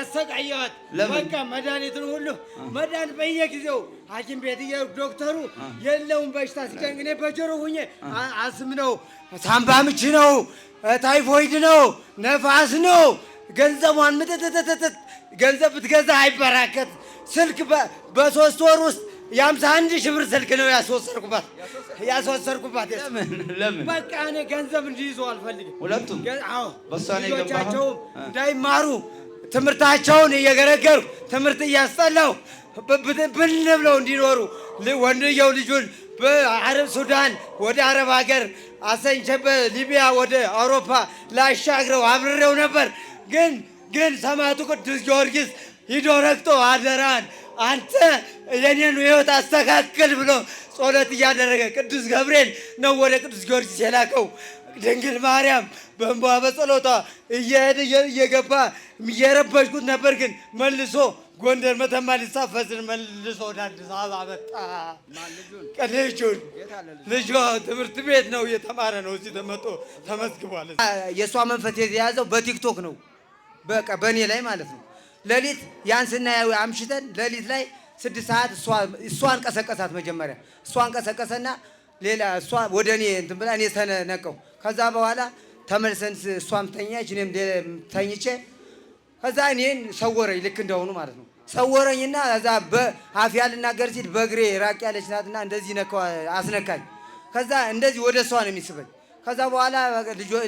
ያሰቃየዋት። በቃ መድኃኒቱን ሁሉ መድኃኒት በየጊዜው ሐኪም ቤት ዶክተሩ የለውም በሽታ ሲጨንቅ እኔ በጆሮ ሁኜ አስም ነው፣ ሳምባ ምች ነው፣ ታይፎይድ ነው፣ ነፋስ ነው። ገንዘቧን ምጥጥጥጥጥ ገንዘብ ብትገዛ አይበራከት ስልክ በሶስት ወር ውስጥ የአምሳ አንድ ሺህ ብር ስልክ ነው ያስወሰድኩባት ያስወሰድኩባት። ለምን በቃ እኔ ገንዘብ እንዲይዙ አልፈልግም። ሁለቱም ልጆቻቸውም እንዳይማሩ ትምህርታቸውን እየገረገርኩ ትምህርት እያስጠላሁ ብን ብለው እንዲኖሩ ወንድየው ልጁን በአረብ ሱዳን ወደ አረብ ሀገር አሰንቸ በሊቢያ ወደ አውሮፓ ላሻግረው አብሬው ነበር። ግን ግን ሰማዕቱ ቅዱስ ጊዮርጊስ ሂዶ ረግጦ አደራን አንተ የኔን ህይወት አስተካክል ብሎ ጸሎት እያደረገ ቅዱስ ገብርኤል ነው ወደ ቅዱስ ጊዮርጊስ የላከው። ድንግል ማርያም በእንባ በጸሎቷ እየሄድ እየገባ እየረበሽኩት ነበር፣ ግን መልሶ ጎንደር መተማ ሊሳፈስን መልሶ ወደ አዲስ አበባ መጣ። ልጁን ልጇ ትምህርት ቤት ነው እየተማረ ነው። እዚህ ተመጦ ተመዝግቧል። የእሷ መንፈስ የተያዘው በቲክቶክ ነው፣ በቃ በእኔ ላይ ማለት ነው። ሌሊት ያን ስናየው አምሽተን ሌሊት ላይ ስድስት ሰዓት እሷ እንቀሰቀሳት መጀመሪያ እሷ እንቀሰቀሰና ሌላ እሷ ወደ እኔ እንትን ብላ እኔ ተነቀው። ከዛ በኋላ ተመልሰን እሷም ተኛች፣ እኔም ተኝቼ ከዛ እኔን ሰወረኝ፣ ልክ እንደሆኑ ማለት ነው። ሰወረኝና ከዛ በአፍ ያልናገር ሲል በእግሬ ራቅ ያለች ናትና እንደዚህ አስነካኝ። ከዛ እንደዚህ ወደ እሷ ነው የሚስበኝ። ከዛ በኋላ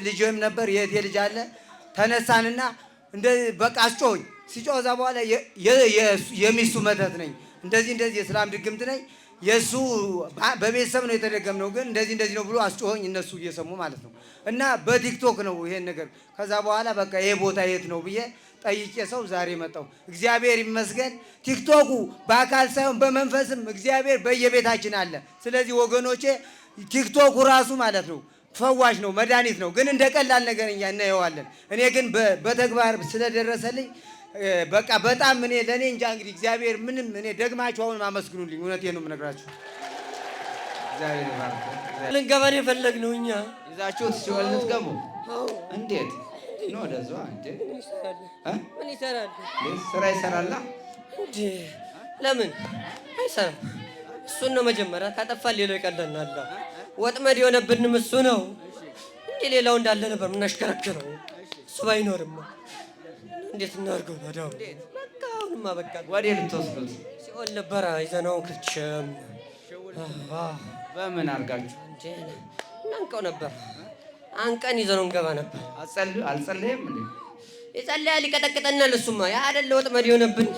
ልጆም ነበር የእህቴ ልጅ አለ ተነሳንና እንደ በቃ አስጮኸኝ። ሲጮህ ከዛ በኋላ የሚስቱ መተት ነኝ እንደዚህ እንደዚህ የስላም ድግምት ነኝ የእሱ በቤተሰብ ነው የተደገምነው፣ ግን እንደዚህ እንደዚህ ነው ብሎ አስጮኸኝ፣ እነሱ እየሰሙ ማለት ነው። እና በቲክቶክ ነው ይሄን ነገር። ከዛ በኋላ በቃ ይሄ ቦታ የት ነው ብዬ ጠይቄ ሰው ዛሬ መጣው እግዚአብሔር ይመስገን። ቲክቶኩ በአካል ሳይሆን በመንፈስም እግዚአብሔር በየቤታችን አለ። ስለዚህ ወገኖቼ ቲክቶኩ ራሱ ማለት ነው ፈዋሽ ነው፣ መድኃኒት ነው። ግን እንደ ቀላል ነገር እኛ እናየዋለን። እኔ ግን በተግባር ስለደረሰልኝ በቃ በጣም እኔ ለእኔ እንጃ እንግዲህ እግዚአብሔር ምንም እኔ ደግማችሁ አሁን አመስግኑልኝ። እውነት ነው የምነግራችሁ። ልን ገበሬ የፈለግ ነው እኛ ይዛችሁት ሲወል ልትገቡ እንዴት ነው? ወደዛ ምን ይሰራል? ስራ ይሰራላ። ለምን አይሰራ? እሱን ነው መጀመሪያ ካጠፋ ሌላው ይቀለናል። ወጥመድ የሆነብንም እሱ ነው እንዴ ሌላው እንዳለ ነበር ምናሽከረክረው እሱ ባይኖርማ እንዴት እናድርገው ታዲያ? በቃ አሁንማ በቃ ወዴት ልትወስዱት? ሲኦል ነበረ ይዘነው ክችም በምን አድርጋችሁ እናንቀው ነበር? አንቀን ይዘነው እንገባ ነበር። አልጸለየም እንዴ? ይጸለያል፣ ይቀጠቅጠናል። እሱማ ያ አይደለ ወጥመድ የሆነብን።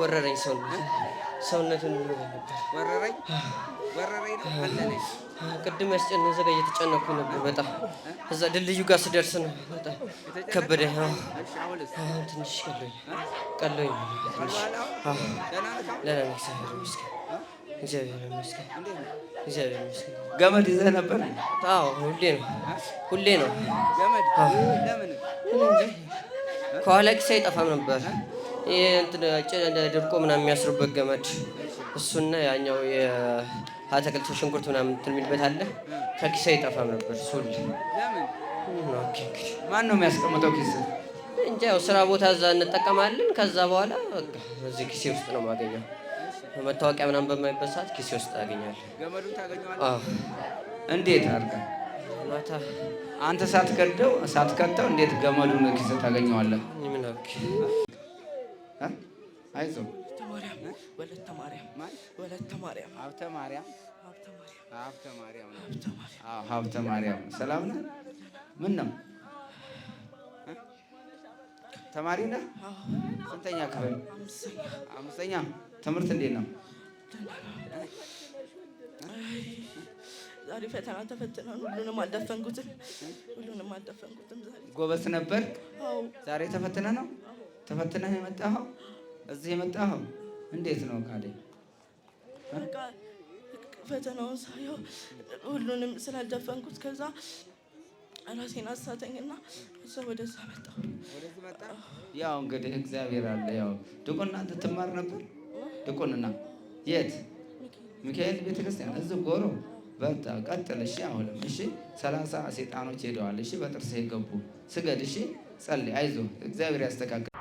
ወረረኝ ሰውነት ሰውነቱን ወረረኝ ወረረኝ ቅድም ያስጨነ እዛ ጋር እየተጨነኩ ነበር በጣም እዛ ድልድዩ ጋር ስደርስ ነው በጣም ከበደ። ትንሽ ቀሎኝ ቀሎኝ ትንሽ እግዚአብሔር ይመስገን፣ እግዚአብሔር ይመስገን። ገመድ ይዘህ ነበር? አዎ፣ ሁሌ ነው፣ ሁሌ ነው። ከኋላ ኪስ አይጠፋም ነበር። ይህ ድርቆ ምናምን የሚያስሩበት ገመድ እሱና ያኛው አትክልት ሽንኩርት ምናምን እንትን የሚልበት አለ። ከኪሳ አይጠፋም ነበር ሱል። ማን ነው የሚያስቀምጠው ኪስ? እንጃ ያው ስራ ቦታ እዛ እንጠቀማለን። ከዛ በኋላ በቃ እዚህ ኪሴ ውስጥ ነው የማገኘው። መታወቂያ ምናምን በማይበት ሰዓት ኪሴ ውስጥ አገኛለሁ። ገመዱ ታገኘዋለህ። እንዴት አድርገህ ማታ አንተ ሳትከደው ሳትከተው እንዴት ገመዱን ኪስ ታገኘዋለህ? ምን አይዞህ ማርያም ወለተ ሀብተ ማርያም ሰላም ነህ? ምን ነው ተማሪ ነህ? ስንተኛ ክፍል? አምስተኛ ትምህርት እንዴት ነው? ዛሬ ፈተና ተፈትነን ሁሉንም አልደፈንኩትም። ሁሉንም አልደፈንኩትም። ዛሬ ጎበዝ ነበር። ዛሬ ተፈትነ ነው ተፈትነህ የመጣኸው እዚህ የመጣኸው እንዴት ነው ካለ ፈተናውን ሳየው ሁሉንም ስላልደፈንኩት ከዛ ራሴን አሳተኝና እዛ ወደዛ መጣሁ። ያው እንግዲህ እግዚአብሔር አለ። ያው ድቁና ትማር ነበር። ድቁንና የት ሚካኤል ቤተክርስቲያን እዚህ ጎሮ በርታ፣ ቀጥል። እሺ አሁንም እሺ። ሰላሳ ሴጣኖች ሄደዋል። እሺ በጥርስ የገቡ ስገድ። እሺ ጸልይ። አይዞህ እግዚአብሔር ያስተካክል።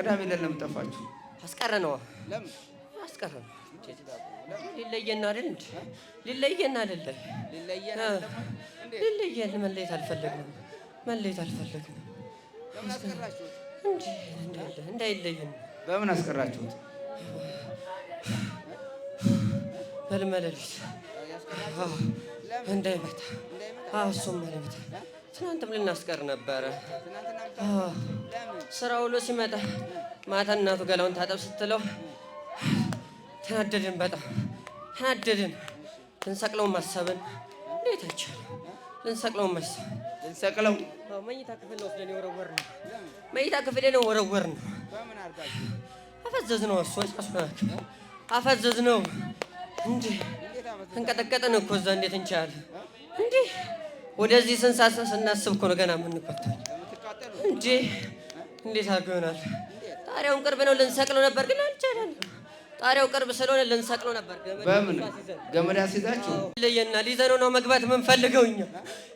ቅዳሜ ለለም ጠፋችሁ? አስቀረ ነው ለምን አስቀረ ነው? ሊለየን አይደል እንዴ? ሊለየን አይደል? ሊለየን ሊለየን መለየት አልፈለግንም፣ መለየት አልፈለግንም። እንዳይለየን በምን አስቀራችሁት? በልመለሊት እንዳይመጣ እሱም አልመጣም ትናንትም ልናስቀር ነበረ። ስራ ውሎ ሲመጣ ማታ እናቱ ገላውን ታጠብ ስትለው ተናደድን፣ በጣም ተናደድን። ልንሰቅለው ማሰብን እንዴታቸው አይቻልም። ልንሰቅለውን ልንሰቅለው መኝታ ክፍል ነው ወስደን የወረወር ነው። መኝታ ክፍል ነው ወረወር ነው። አፈዘዝ ነው እሱ ጫሱናክ አፈዘዝ ነው እንዲህ እንቀጠቀጠን እኮ እዛ እንዴት እንቻል እንዲህ ወደዚህ ስንሳሰብ ስናስብ እኮ ነው ገና የምንቆታል እንጂ እንዴት አድርጎ ይሆናል? ጣሪያውን ቅርብ ነው ልንሰቅለው ነበር ግን አልቻለን። ጣሪያው ቅርብ ስለሆነ ልንሰቅለው ነበር። በምን ገመድ አስይዛችሁ ይለየናል። ይዘነው ነው መግባት የምንፈልገው እኛ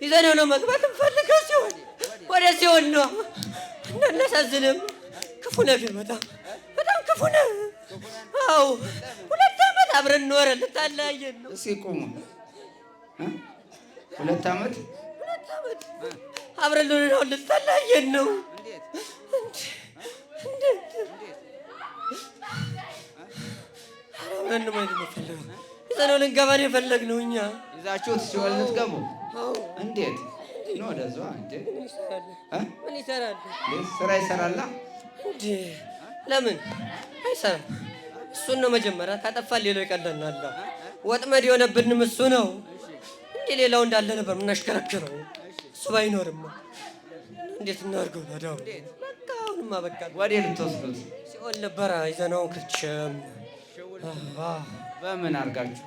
ይዘነው ነው መግባት የምንፈልገው ሲሆን ወደ ሲሆን ነው። እናሳዝንም ክፉ ነህ፣ በጣም በጣም ክፉ ነህ። አዎ ሁለት ዓመት አብረን ኖረን ልታለያየን ነው። እስኪ ቁሙ ሁለት ዓመት ሁለት አብረን ልንሆን ልንተለያየን ነው። አብረን ነው የፈለግነው። ይዘነው ልንገባን የፈለግነው እኛ ይዛችሁት ሲሆን ልትገቡ እንዴት ነው? ወደዛ ምን ይሰራል? ስራ ይሰራላ። ለምን አይሰራም? እሱን ነው መጀመሪያ ካጠፋን ሌላው ይቀለናል። ወጥመድ የሆነብንም እሱ ነው። ሌላው እንዳለ ነበር የምናሽከረክረው። እሱ ባይኖርም እንዴት እናድርገው? ታዲያ በቃ አሁንማ በቃ ወደ ልትወስዱት ሲሆን ነበረ ይዘነው ክችም በምን አድርጋችሁ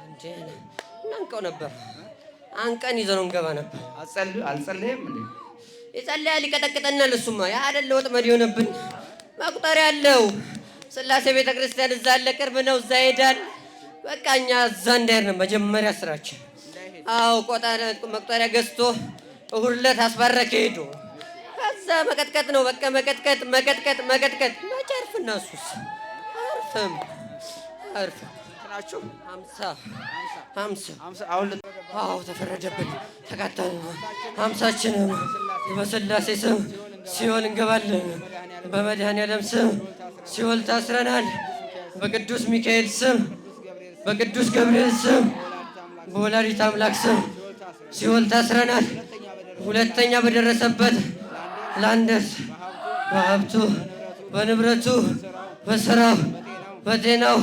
እናንቀው ነበር። አንቀን ይዘነው እንገባ ነበር። አልጸለየም እ ይጸለያል፣ ይቀጠቅጠናል። እሱማ ያ አይደለ ወጥመድ የሆነብን መቁጠሪያ አለው። ስላሴ ቤተክርስቲያን እዛ አለ፣ ቅርብ ነው፣ እዛ ይሄዳል። በቃ እኛ እዛ እንዳይር ነው መጀመሪያ ስራችን። አው ቆጠር መቁጠሪያ ገዝቶ እሑድ ዕለት አስባረከ ሄዶ ከዛ መቀጥቀጥ ነው በቃ መቀጥቀጥ መቀጥቀጥ መቀጥቀጥ መጨርፍ አርፍ አርፍም አርፍ ናቸው ሀምሳ ሀምሳ ተፈረደብን ሀምሳችን በስላሴ ስም ሲኦል እንገባለን በመድኃኔዓለም ስም ሲኦል ታስረናል በቅዱስ ሚካኤል ስም በቅዱስ ገብርኤል ስም በወላዲት አምላክ ስም ሲኦል ታስረናል። ሁለተኛ በደረሰበት ላንደስ በሀብቱ በንብረቱ በስራው በጤናው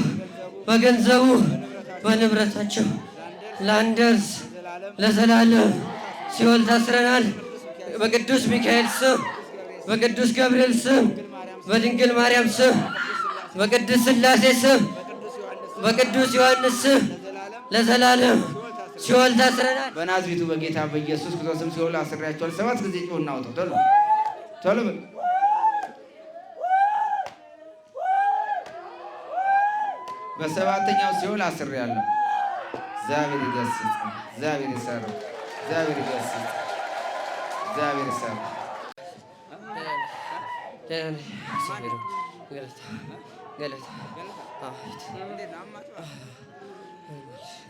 በገንዘቡ በንብረታቸው ላንደርስ ለዘላለም ሲኦል ታስረናል። በቅዱስ ሚካኤል ስም በቅዱስ ገብርኤል ስም በድንግል ማርያም ስም በቅዱስ ስላሴ ስም በቅዱስ ዮሐንስ ስም ለዘላለም ሲወል ታስረናል። በናዝሪቱ በጌታ በኢየሱስ ክርስቶስም ሲወል አስሬያቸዋል። ሰባት ጊዜ ጮና አውጣው ቶሎ ቶሎ በሰባተኛው ሲወል አስሬያለሁ። እግዚአብሔር ይገስጽ፣ እግዚአብሔር ይሰራ፣ እግዚአብሔር ይገስጽ፣ እግዚአብሔር ይሰራ። ገለታ ገለታ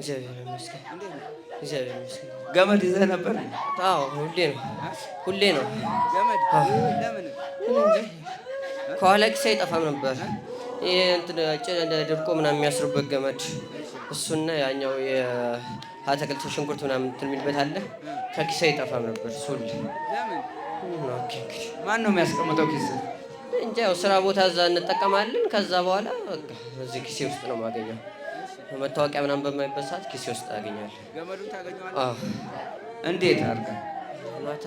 እግዚአብሔር ይመስገን። እግዚአብሔር ይመስገን። ገመድ ይዘህ ነበር? አዎ፣ ሁሌ ነው ሁሌ ነው ገመድ። ለምን ከኋላ ኪስ አይጠፋም ነበር። ይሄ እንትን ድርቆ ምናምን የሚያስሩበት ገመድ እሱና ያኛው የአትክልት ሽንኩርት ምናምን እንትን የሚልበት አለ። አይጠፋም ነበር እሱ ሁሌ። ማን ነው የሚያስቀምጠው ኪስ? ያው ስራ ቦታ እዛ እንጠቀማለን። ከዛ በኋላ በቃ እዚህ ኪሴ ውስጥ ነው የማገኘው። መታወቂያ ምናምን በማይበት ሰዓት ኪሴ ውስጥ ያገኛል። ገመዱን ታገኘዋለህ። እንዴት አድርገህ ማታ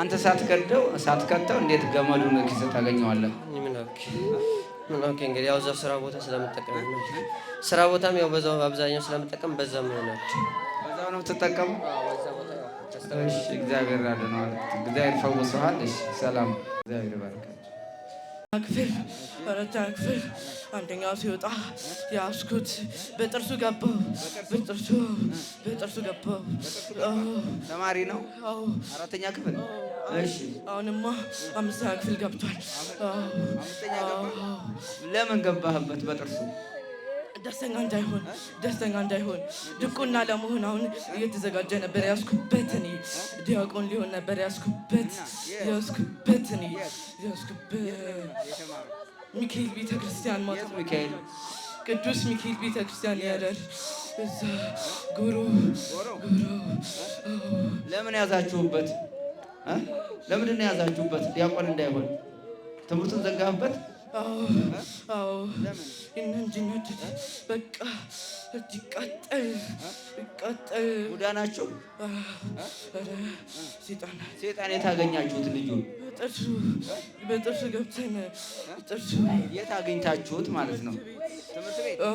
አንተ ሳትከደው ሳትከተው እንዴት ገመዱን ኪሴ ታገኘዋለህ? ምን አውቄ ምን አውቄ እንግዲህ ያው እዛው ስራ ቦታ ስለምጠቀም ነው። ስራ ቦታም ያው በዛው አብዛኛው ስለምጠቀም በዛ ነው ያለው። በዛው ነው የምትጠቀመው። እግዚአብሔር ያደነዋል። እግዚአብሔር ፈውሶሃል። እሺ፣ ሰላም እግዚአብሔር ይባርካል። ክፍል አራት ክፍል አንደኛው ሲወጣ ያስኩት በጥርሱ ገባው በጥርሱ በጥርሱ ገባው። ተማሪ ነው አራተኛ ክፍል። እሺ አሁንማ አምስተኛ ክፍል ገብቷል። ለምን ገባህበት በጥርሱ? ደስተኛ እንዳይሆን ደስተኛ እንዳይሆን ድቁና ለመሆን አሁን እየተዘጋጀ ነበር። ያዝኩበት እኔ ዲያቆን ሊሆን ነበር እኔ ሚካኤል ቤተክርስቲያን ማለት ሚካኤል ቅዱስ ሚካኤል እዛ ጎሮ ለምን ያዛችሁበት? ለምንድን ነው ያዛችሁበት? ዲያቆን እንዳይሆን ትምህርቱን ዘጋበት? አዎ እንጂ በቃ ይቃጠል ይቃጠል። ጉዳ ናቸው። ሴጣን ሴጣን የታገኛችሁት ልጁ በጥርሱ ገብተን ጥርሱ የታገኝታችሁት ማለት ነው። ትምህርት ቤት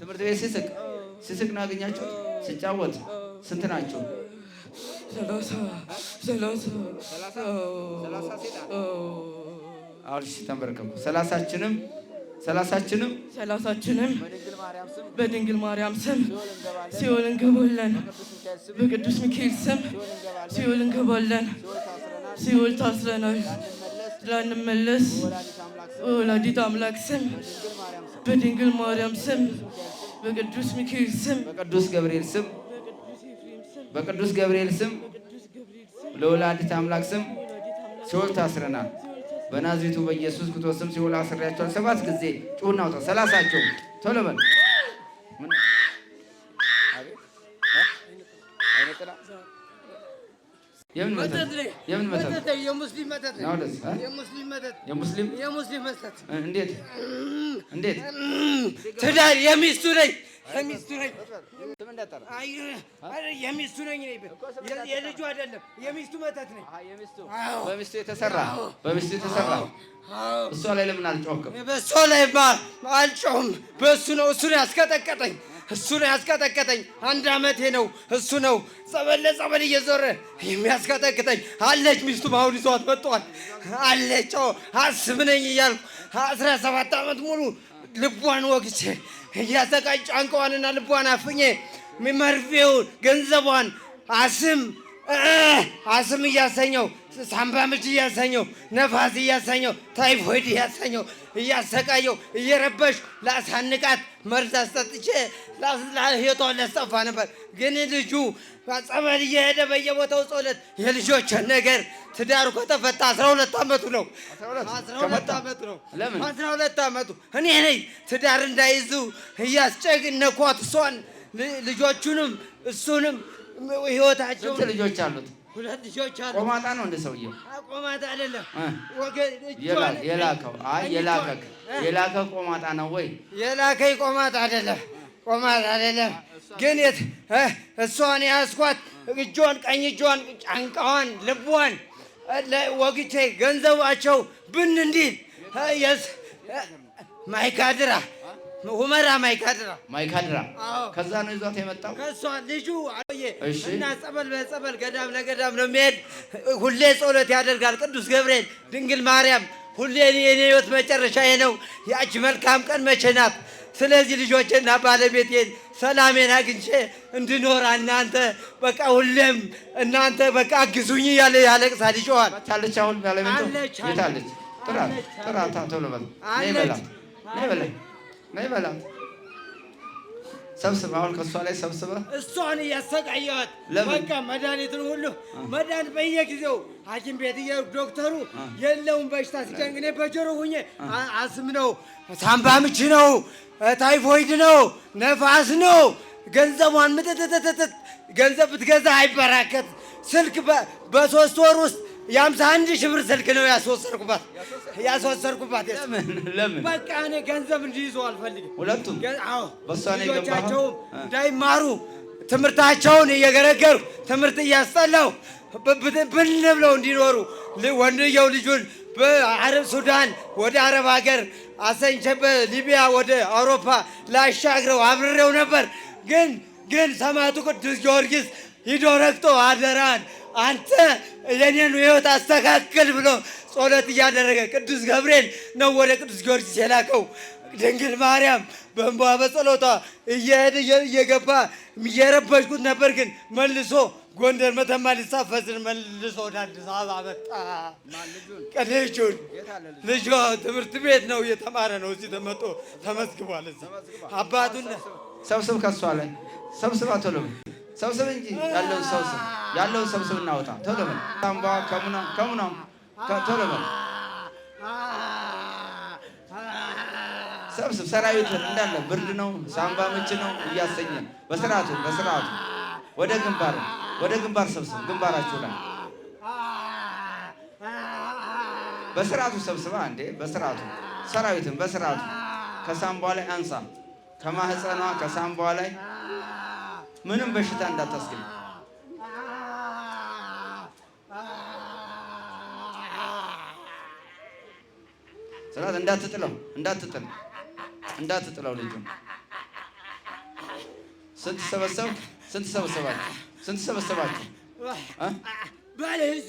ትምህርት ቤት ሲስቅ ነው ያገኛችሁት። ሲጫወት ስንት ናቸው? ሰላሳ ሰላሳ ሰላሳ ሴጣን አርሽ ተንበረከኩ። ሰላሳችንም ሰላሳችንም ሰላሳችንም በድንግል ማርያም ስም ሲኦል እንገባለን። በቅዱስ ሚካኤል ስም ሲኦል እንገባለን። ሲኦል ታስረናል ላንመለስ። ወላዲት አምላክ ስም በድንግል ማርያም ስም በቅዱስ ሚካኤል ስም በቅዱስ ገብርኤል ስም በቅዱስ ገብርኤል ስም ለወላዲት አምላክ ስም ሲኦል ታስረናል። በናዝሬቱ በኢየሱስ ክርስቶስ ስም ሲወላ አስሬያቸዋል። ሰባት ጊዜ ጩኸና አውጣ። ሰላሳቸው ቶሎ በል የምን መተት? የምን መተት? የሙስሊም መተት። የሙስሊም መተት። የሙስሊም የሙስሊም መተት። እንዴት እንዴት? ትዳር የሚስቱ ነኝ የሚስቱ ነኝ የሚስቱ ነኝ የልጁ አይደለም የሚስቱ መተት ነኝ። በሚስቱ የተሰራ በሚስቱ የተሰራ እሷ ላይ ለምን አልጮህም? በእሷ ላይ አልጮህም። በእሱ ነው እሱ ነው ያስቀጠቀጠኝ እሱ ነው ያስቀጠቀጠኝ። አንድ አመቴ ነው። እሱ ነው ጸበል ለጸበል እየዞረ የሚያስቀጠቅጠኝ። አለች ሚስቱም አሁን ይዟት መጥቷል። አለች አስብ ነኝ እያልኩ አስራ ሰባት አመት ሙሉ ልቧን ወግቼ እያሰቃይ ጫንቀዋንና ልቧን አፍኜ መርፌውን፣ ገንዘቧን አስም አስም እያሰኘው፣ ሳምባ ምች እያሰኘው፣ ነፋስ እያሰኘው፣ ታይፎይድ እያሰኘው እያሰቃየው እየረበሽ ላሳንቃት መርዝ አስጠጥቼ ህይወቷ ላስጠፋ ነበር። ግን ልጁ ጸበል እየሄደ በየቦታው ጸሎት፣ የልጆች ነገር ትዳሩ ከተፈታ አስራ ሁለት ዓመቱ ነው። አስራ ሁለት ዓመቱ እኔ ነኝ ትዳር እንዳይዙ እያስጨነኳት እሷን ልጆቹንም እሱንም ህይወታቸው ልጆች አሉት ሁለት ልጆች አሉ። ቆማጣ ነው እንደ ሰውየው? ቆማጣ አይደለም የላከው። አይ የላከክ የላከ ቆማጣ ነው ወይ? የላከ ቆማጣ አይደለም፣ ቆማጣ አይደለም። ግን የት እሷን ያስኳት እጇን፣ ቀኝ እጇን፣ ጫንቃዋን፣ ልቧን ወግቼ ገንዘባቸው ብን እንዲል ማይካድራ ሁመራ ማይካድራ ማይካድራ ከዛ ነው ይዟት የመጣው። ከሷ ልጁ እና ጸበል በጸበል ገዳም ለገዳም ነው የሚሄድ። ሁሌ ጸሎት ያደርጋል። ቅዱስ ገብርኤል፣ ድንግል ማርያም ሁሌ የኔ ህይወት መጨረሻ ነው፣ ያች መልካም ቀን መቼ ናት? ስለዚህ ልጆችና ባለቤቴን ሰላሜን አግኝቼ እንድኖር እናንተ በቃ ሁሌም እናንተ በቃ አግዙኝ እያለ ያለቅሳል፣ ይጮኻል። አለች አሁን ባለቤቱ የት አለች? ጥራት ጥራት ቶሎ በል ነይ በላ ነይ በላ ነይ በላት። ሰብስበ አሁን ከእሷ ላይ ሰብስበ እሷን እያሰቃየዋት በቃ መድኃኒትን ሁሉ መድኃኒት በየጊዜው ሐኪም ቤት ዶክተሩ የለውም በሽታ ሲጨንቅ እኔ በጆሮ ሁኜ አስም ነው፣ ሳምባ ምች ነው፣ ታይፎይድ ነው፣ ነፋስ ነው። ገንዘቧን ምጥጥጥጥጥ ገንዘብ ብትገዛ አይበራከት ስልክ በሶስት ወር ውስጥ የአምሳ አንድ ሺህ ብር ስልክ ነው ያስወሰርኩባት ያስወሰርኩባት። ለምን በቃ እኔ ገንዘብ እንዲይዙ አልፈልግም። ሁለቱም ልጆቻቸው እንዳይማሩ ትምህርታቸውን እየገረገሩ ትምህርት እያስጠላው ብን ብለው እንዲኖሩ ወንድየው ልጁን በአረብ ሱዳን ወደ አረብ ሀገር አሰኝቼ በሊቢያ ወደ አውሮፓ ላሻግረው አብሬው ነበር። ግን ግን ሰማዕቱ ቅዱስ ጊዮርጊስ ሂዶ ረግጦ አደራን አንተ የኔን ሕይወት አስተካክል ብሎ ጸሎት እያደረገ ቅዱስ ገብርኤል ነው ወደ ቅዱስ ጊዮርጊስ የላከው። ድንግል ማርያም በእንባ በጸሎቷ እየሄደ እየገባ እየረበሽኩት ነበር፣ ግን መልሶ ጎንደር መተማ ሊሳፈስን መልሶ ወደ አዲስ አበባ መጣ። ልጁን ልጇ ትምህርት ቤት ነው እየተማረ ነው። እዚህ ተመጦ ተመዝግቧል። እዚህ አባቱን ሰብስብ፣ ከሷ ላይ ሰብስባ ቶሎ ሰብስብ እንጂ ያለውን ሰብስብ ያለውን ሰብስብ እናወጣ። ቶሎ በል ታምባ ከሙና ከሙና ቶሎ በል ሰብስብ ሰራዊት እንዳለ ብርድ ነው፣ ሳምባ ምች ነው እያሰኘ በስርዓቱ በስርዓቱ ወደ ግንባር ወደ ግንባር ሰብስብ። ግንባራችሁ ላይ በስርዓቱ ሰብስባ እንዴ በስርዓቱ ሰራዊትን በስርዓቱ ከሳምባ ላይ አንሳ ከማህፀኗ ከሳምባ ላይ ምንም በሽታ እንዳታስገኝ። ስራት እንዳትጥለው እንዳትጥል እንዳትጥለው ልጅ ስንት ሰበሰብ ስንት ሰበሰባችሁ ስንት ሰበሰባችሁ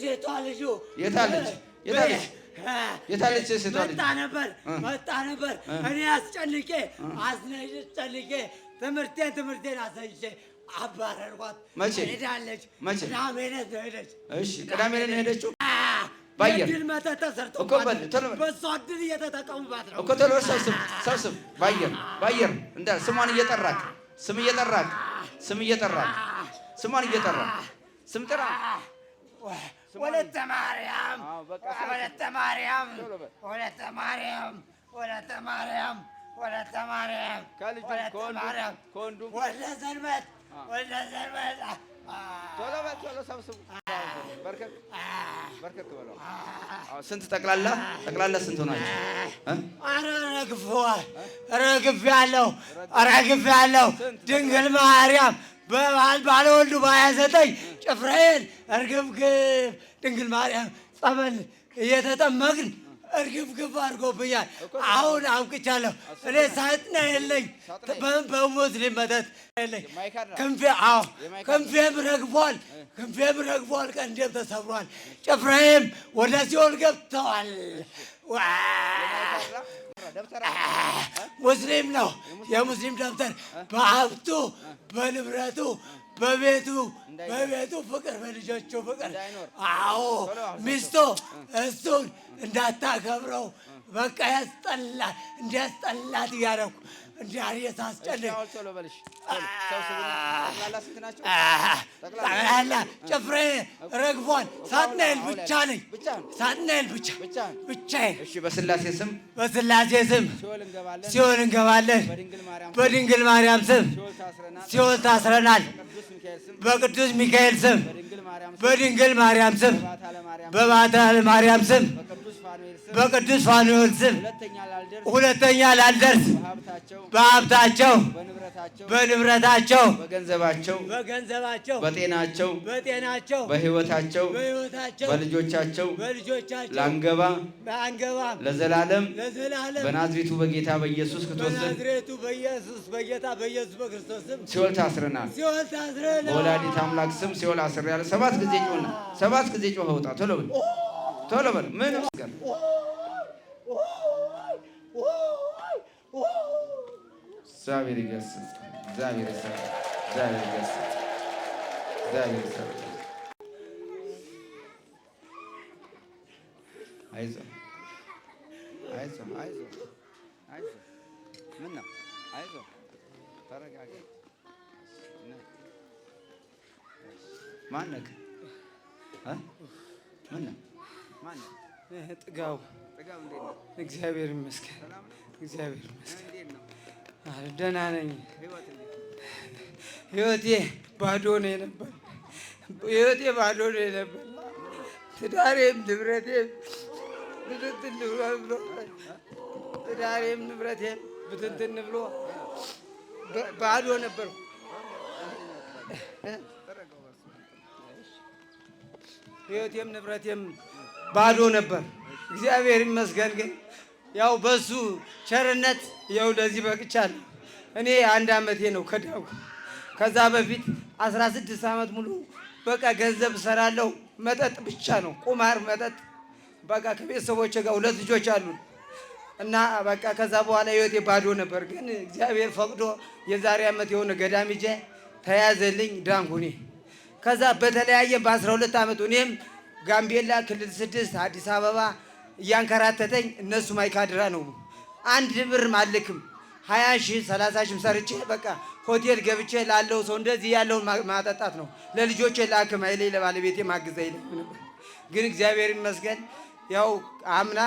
ሴቷ ልጁ የታለች የታለች የታለች ሴቷ መጣ ነበር መጣ ነበር እኔ አስጨንቄ አስጨንቄ ትምህርቴን ትምህርቴን አሳይቼ አባረርኳት። መቼ ሄዳለች? መቼ ቅዳሜ ዕለት ነው ሄደች። እሺ ቅዳሜ ዕለት ነው ሄደችው። ባየር ድል ተሰርቶባት በእሷ ድል እየተጠቀሙባት ነው እኮ። ሰብስብ ሰብስብ። ባየር ባየር ስሟን እየጠራክ ስም እየጠራክ ስም እየጠራክ ስሟን እየጠራክ ስም ጥራ ወለተ ማርያም ወለተ ማርያም ወለተ ማርያም ወለተ ማርያም ወለተ ማርያም ወለተ ማርያም ወለተ ቶሎ በል ቶሎ ሰብስቡ። በርከክ በርከክ በለው። ስንት ጠቅላላ ጠቅላላ ስንት ሆናችሁ? ኧረ ረግፈዋል። ረግፌያለሁ ረግፌያለሁ። ድንግል ማርያም በባል ባለወልዱ በሀያ ዘጠኝ እርግብግብ ድንግል ማርያም ጸበል እየተጠመቅን እርግፍግፍ አድርጎብኛል። አሁን አብቅቻለሁ። እኔ ሳጥና የለኝ፣ በሙስሊም መተት የለኝ። ክንፌ አዎ ክንፌም ረግፏል፣ ክንፌም ረግፏል፣ ቀንዴም ተሰብሯል፣ ጭፍራዬም ወደ ሲኦል ገብተዋል። ሙስሊም ነው የሙስሊም ደብተር በሀብቱ በንብረቱ በቤቱ በቤቱ ፍቅር በልጆቹ ፍቅር። አዎ ሚስቶ እሱን እንዳታከብረው በቃ ያስጠላ እንዲያስጠላት እያደረኩ ጭፍሬ ረግፏል። ሳጥናኤል ብቻ ነኝ። ሳጥናኤል ብቻ ብቻዬን። በስላሴ ስም ሲኦል እንገባለን። በድንግል ማርያም ስም ሲኦል ታስረናል። በቅዱስ ሚካኤል ስም በድንግል ማርያም ስም በባታ ለማርያም ስም በቅዱስ ፋኑኤል ስም ሁለተኛ ላልደርስ በሀብታቸው በንብረታቸው በገንዘባቸው በጤናቸው በሕይወታቸው በልጆቻቸው ላንገባ ለዘላለም በናዝሬቱ በጌታ በኢየሱስ ክርስቶስ ስም ሲኦል ታስረናል። በወላዲት አምላክ ስም ሲኦል አስሬያለሁ። ሰባት ጊዜ ጮኸና ሰባት ጊዜ ጮኸ ውጣ ቶሎ በል ቶሎ በል ምን እግዚአብሔር ይገስጽ። እግዚአብሔር ይሰራል። እግዚአብሔር ይገስጽ። እግዚአብሔር ይሰራል። አይዞህ አይዞህ አይዞህ አይዞህ። ምን ነው? አይዞህ ተረጋጋ። ማነህ? ምን ነው? ማነህ? ጥጋቡ። እግዚአብሔር ይመስገን። እግዚአብሔር ይመስገን። ደህና ነኝ። ህይወቴ ባዶ ነው የነበር። ህይወቴ ባዶ ነው የነበር። ትዳሬም ንብረቴም ብትንትን ብሎ ትዳሬም ንብረቴም ብትንትን ብሎ ባዶ ነበርኩ። ህይወቴም ንብረቴም ባዶ ነበር። እግዚአብሔር ይመስገን ግን ያው በሱ ቸርነት ያው ለዚህ በቅቻለሁ። እኔ አንድ አመት ነው ከዳው። ከዛ በፊት 16 አመት ሙሉ በቃ ገንዘብ እሰራለሁ። መጠጥ ብቻ ነው ቁማር፣ መጠጥ በቃ ከቤተሰቦች ጋር ሁለት ልጆች አሉ እና በቃ ከዛ በኋላ ህይወቴ ባዶ ነበር። ግን እግዚአብሔር ፈቅዶ የዛሬ አመት የሆነ ገዳም ሂጄ ተያዘልኝ ዳንኩኔ። ከዛ በተለያየ በ12 አመት እኔም ጋምቤላ ክልል ስድስት አዲስ አበባ እያንከራተተኝ እነሱ ማይካድራ ነው። አንድ ብርም አልክም። ሀያ ሺህ ሰላሳ ሺህም ሰርቼ በቃ ሆቴል ገብቼ ላለው ሰው እንደዚህ ያለውን ማጠጣት ነው። ለልጆቼ ለአክም አይለኝ፣ ለባለቤቴ ማግዝ አይለኝ። ግን እግዚአብሔር ይመስገን ያው አምና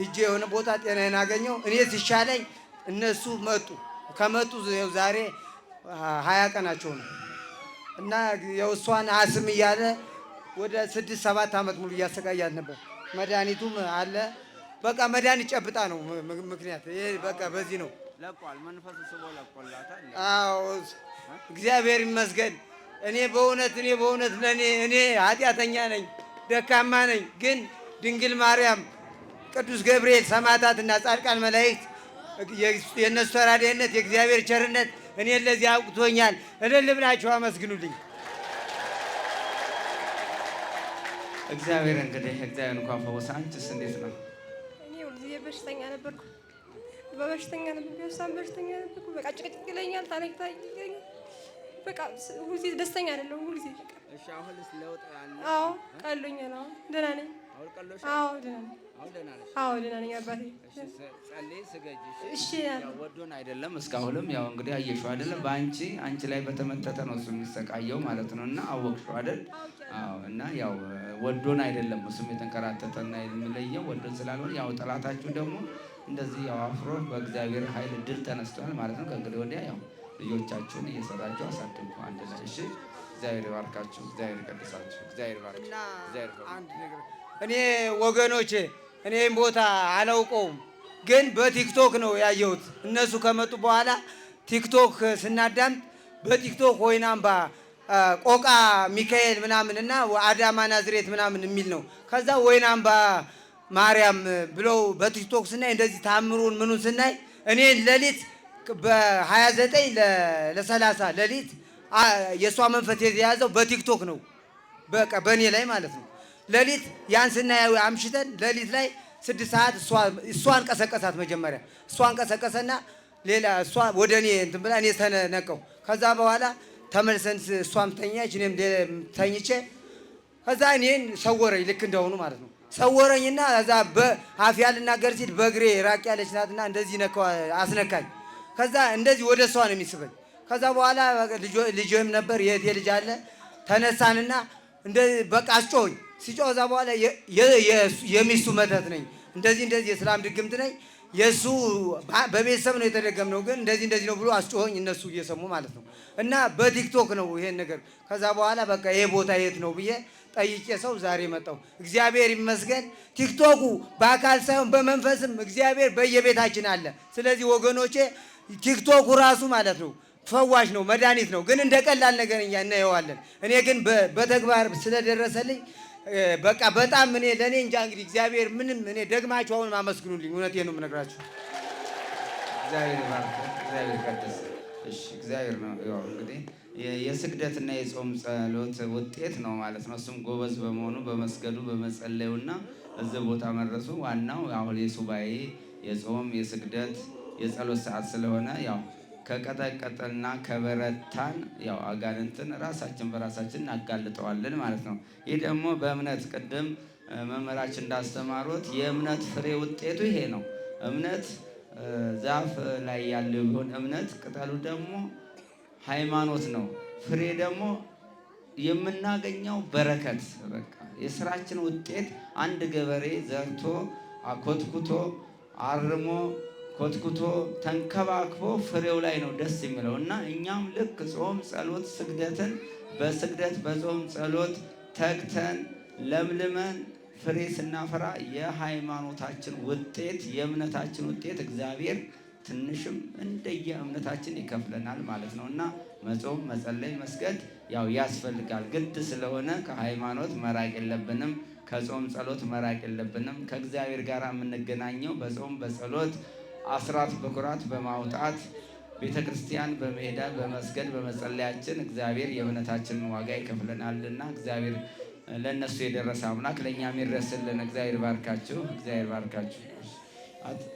ሂጄ የሆነ ቦታ ጤናዬን አገኘው። እኔ ሲሻለኝ እነሱ መጡ። ከመጡ ዛሬ ሀያ ቀናቸው ነው እና የእሷን አስም እያለ ወደ ስድስት ሰባት ዓመት ሙሉ እያሰቃያት ነበር። መድኃኒቱም አለ። በቃ መድኃኒት ጨብጣ ነው ምክንያት ይሄ በቃ በዚህ ነው። አዎ እግዚአብሔር ይመስገን። እኔ በእውነት እኔ በእውነት ለእኔ እኔ ኃጢአተኛ ነኝ፣ ደካማ ነኝ። ግን ድንግል ማርያም፣ ቅዱስ ገብርኤል ሰማዕታትና ጻድቃን መላእክት የእነሱ ተራዳይነት የእግዚአብሔር ቸርነት እኔ ለዚህ አውቅቶኛል። እልል ብላችሁ አመስግኑልኝ። እግዚአብሔር እንግዲህ እግዚአብሔር እንኳን ፈወሰ። አንቺስ እንዴት ነው? እኔ ሁልጊዜ በሽተኛ ነበርኩ፣ በበሽተኛ ነበርኩ፣ በሳም በሽተኛ ነበርኩ። በቃ ጭቅጭቅ ይለኛል፣ ታነክታ ይለኛል። በቃ ሁልጊዜ ደስተኛ አይደለሁም። ሁልጊዜ እሺ። አሁን ለውጥ አለ? አዎ ቀሎኛል። አሁን ደህና ነኝ። አዎ ደህና ነኝ። አዎ ወዶን አይደለም እስካሁንም ያው እንግዲህ አየሽው አይደለም፣ በአንቺ አንቺ ላይ በተመተተ ነው እሱ የሚሰቃየው ማለት ነው። እና አወቅሽው አይደል? እና ያው ወዶን አይደለም እሱም የተንከራተተ የሚለየው ወዶን ስላልሆነ ያው ጠላታችሁ ደግሞ እንደዚህ ያው አፍሮ በእግዚአብሔር ኃይል ድል ተነስቷል ማለት ነው። ከእንግዲህ ወዲያ ያው ልጆቻችሁን እየሰራችሁ አሳድጉ አንድ ላይ እሺ። እግዚአብሔር ይባርካችሁ። እግዚአብሔር ይቀድሳችሁ። እግዚአብሔር እግዚአብሔር እኔ ወገኖች እኔ ቦታ አላውቀውም፣ ግን በቲክቶክ ነው ያየሁት። እነሱ ከመጡ በኋላ ቲክቶክ ስናዳምጥ በቲክቶክ ወይናምባ ቆቃ ሚካኤል ምናምን እና አዳማ ናዝሬት ምናምን የሚል ነው። ከዛ ወይናምባ ማርያም ብለው በቲክቶክ ስናይ እንደዚህ ታምሩን ምኑን ስናይ እኔ ሌሊት በ29 ለ30 ሌሊት የእሷ መንፈስ የተያዘው በቲክቶክ ነው። በቃ በእኔ ላይ ማለት ነው። ሌሊት ያን ያው አምሽተን ሌሊት ላይ ስድስት ሰዓት እሷ አንቀሰቀሳት። መጀመሪያ እሷን ቀሰቀሰና ሌላ እሷ ወደ እኔ እንትን ብላ እኔ ተነቀው። ከዛ በኋላ ተመልሰን እሷም ተኛች፣ እኔም ተኝቼ ከዛ እኔን ሰወረኝ፣ ልክ እንደሆኑ ማለት ነው። ሰወረኝና ከዛ በአፍ ያልናገር ሲል በእግሬ ራቅ ያለች ናትና እንደዚህ አስነካኝ። ከዛ እንደዚህ ወደ እሷ ነው የሚስበኝ። ከዛ በኋላ ልጆም ነበር የእህቴ ልጅ አለ ተነሳንና በቃ አስጮኸኝ ሲጮዛ በኋላ የሚስቱ መተት ነኝ እንደዚህ እንደዚህ የስላም ድግምት ነኝ የእሱ በቤተሰብ ነው ነው ግን እንደዚህ እንደዚህ ነው ብሎ አስጮኸኝ። እነሱ እየሰሙ ማለት ነው። እና በቲክቶክ ነው ይሄን ነገር። ከዛ በኋላ በቃ ይሄ ቦታ የት ነው ብዬ ጠይቄ ሰው ዛሬ መጣው እግዚአብሔር ይመስገን። ቲክቶኩ በአካል ሳይሆን በመንፈስም እግዚአብሔር በየቤታችን አለ። ስለዚህ ወገኖቼ ቲክቶኩ ራሱ ማለት ነው ፈዋሽ ነው፣ መድኃኒት ነው። ግን እንደ ቀላል ነገር እኛ እናየዋለን። እኔ ግን በተግባር ስለደረሰልኝ በቃ በጣም እኔ ለእኔ እንጃ እንግዲህ እግዚአብሔር ምንም እኔ ደግማችሁ አሁን አመስግኑልኝ። እውነት ነው የምነግራችሁ። እግዚአብሔር እግዚአብሔር እሺ እግዚአብሔር ነው ያው እንግዲህ የስግደትና የጾም ጸሎት ውጤት ነው ማለት ነው። እሱም ጎበዝ በመሆኑ በመስገዱ በመጸለዩና እዚህ ቦታ መድረሱ ዋናው አሁን የሱባኤ የጾም የስግደት የጸሎት ሰዓት ስለሆነ ያው ከቀጠቀጠና ከበረታን ያው አጋንንትን ራሳችን በራሳችን እናጋልጠዋለን ማለት ነው። ይህ ደግሞ በእምነት ቅድም መምህራችን እንዳስተማሩት የእምነት ፍሬ ውጤቱ ይሄ ነው። እምነት ዛፍ ላይ ያለው ቢሆን እምነት ቅጠሉ ደግሞ ሃይማኖት ነው። ፍሬ ደግሞ የምናገኘው በረከት በቃ የስራችን ውጤት አንድ ገበሬ ዘርቶ አኮትኩቶ አርሞ ኮትኩቶ ተንከባክቦ ፍሬው ላይ ነው ደስ የሚለው እና እኛም ልክ ጾም፣ ጸሎት፣ ስግደትን በስግደት በጾም ጸሎት ተግተን ለምልመን ፍሬ ስናፈራ የሃይማኖታችን ውጤት የእምነታችን ውጤት እግዚአብሔር ትንሽም እንደየ እምነታችን ይከፍለናል ማለት ነው እና መጾም፣ መጸለይ፣ መስገድ ያው ያስፈልጋል ግድ ስለሆነ ከሃይማኖት መራቅ የለብንም። ከጾም ጸሎት መራቅ የለብንም። ከእግዚአብሔር ጋር የምንገናኘው በጾም በጸሎት አስራት በኩራት በማውጣት ቤተ ክርስቲያን በመሄዳ በመስገድ በመጸለያችን እግዚአብሔር የእምነታችንን ዋጋ ይከፍለናልና እግዚአብሔር ለእነሱ የደረሰ አምላክ ለእኛም ይድረስልን። እግዚአብሔር ባርካችሁ፣ እግዚአብሔር ባርካችሁ።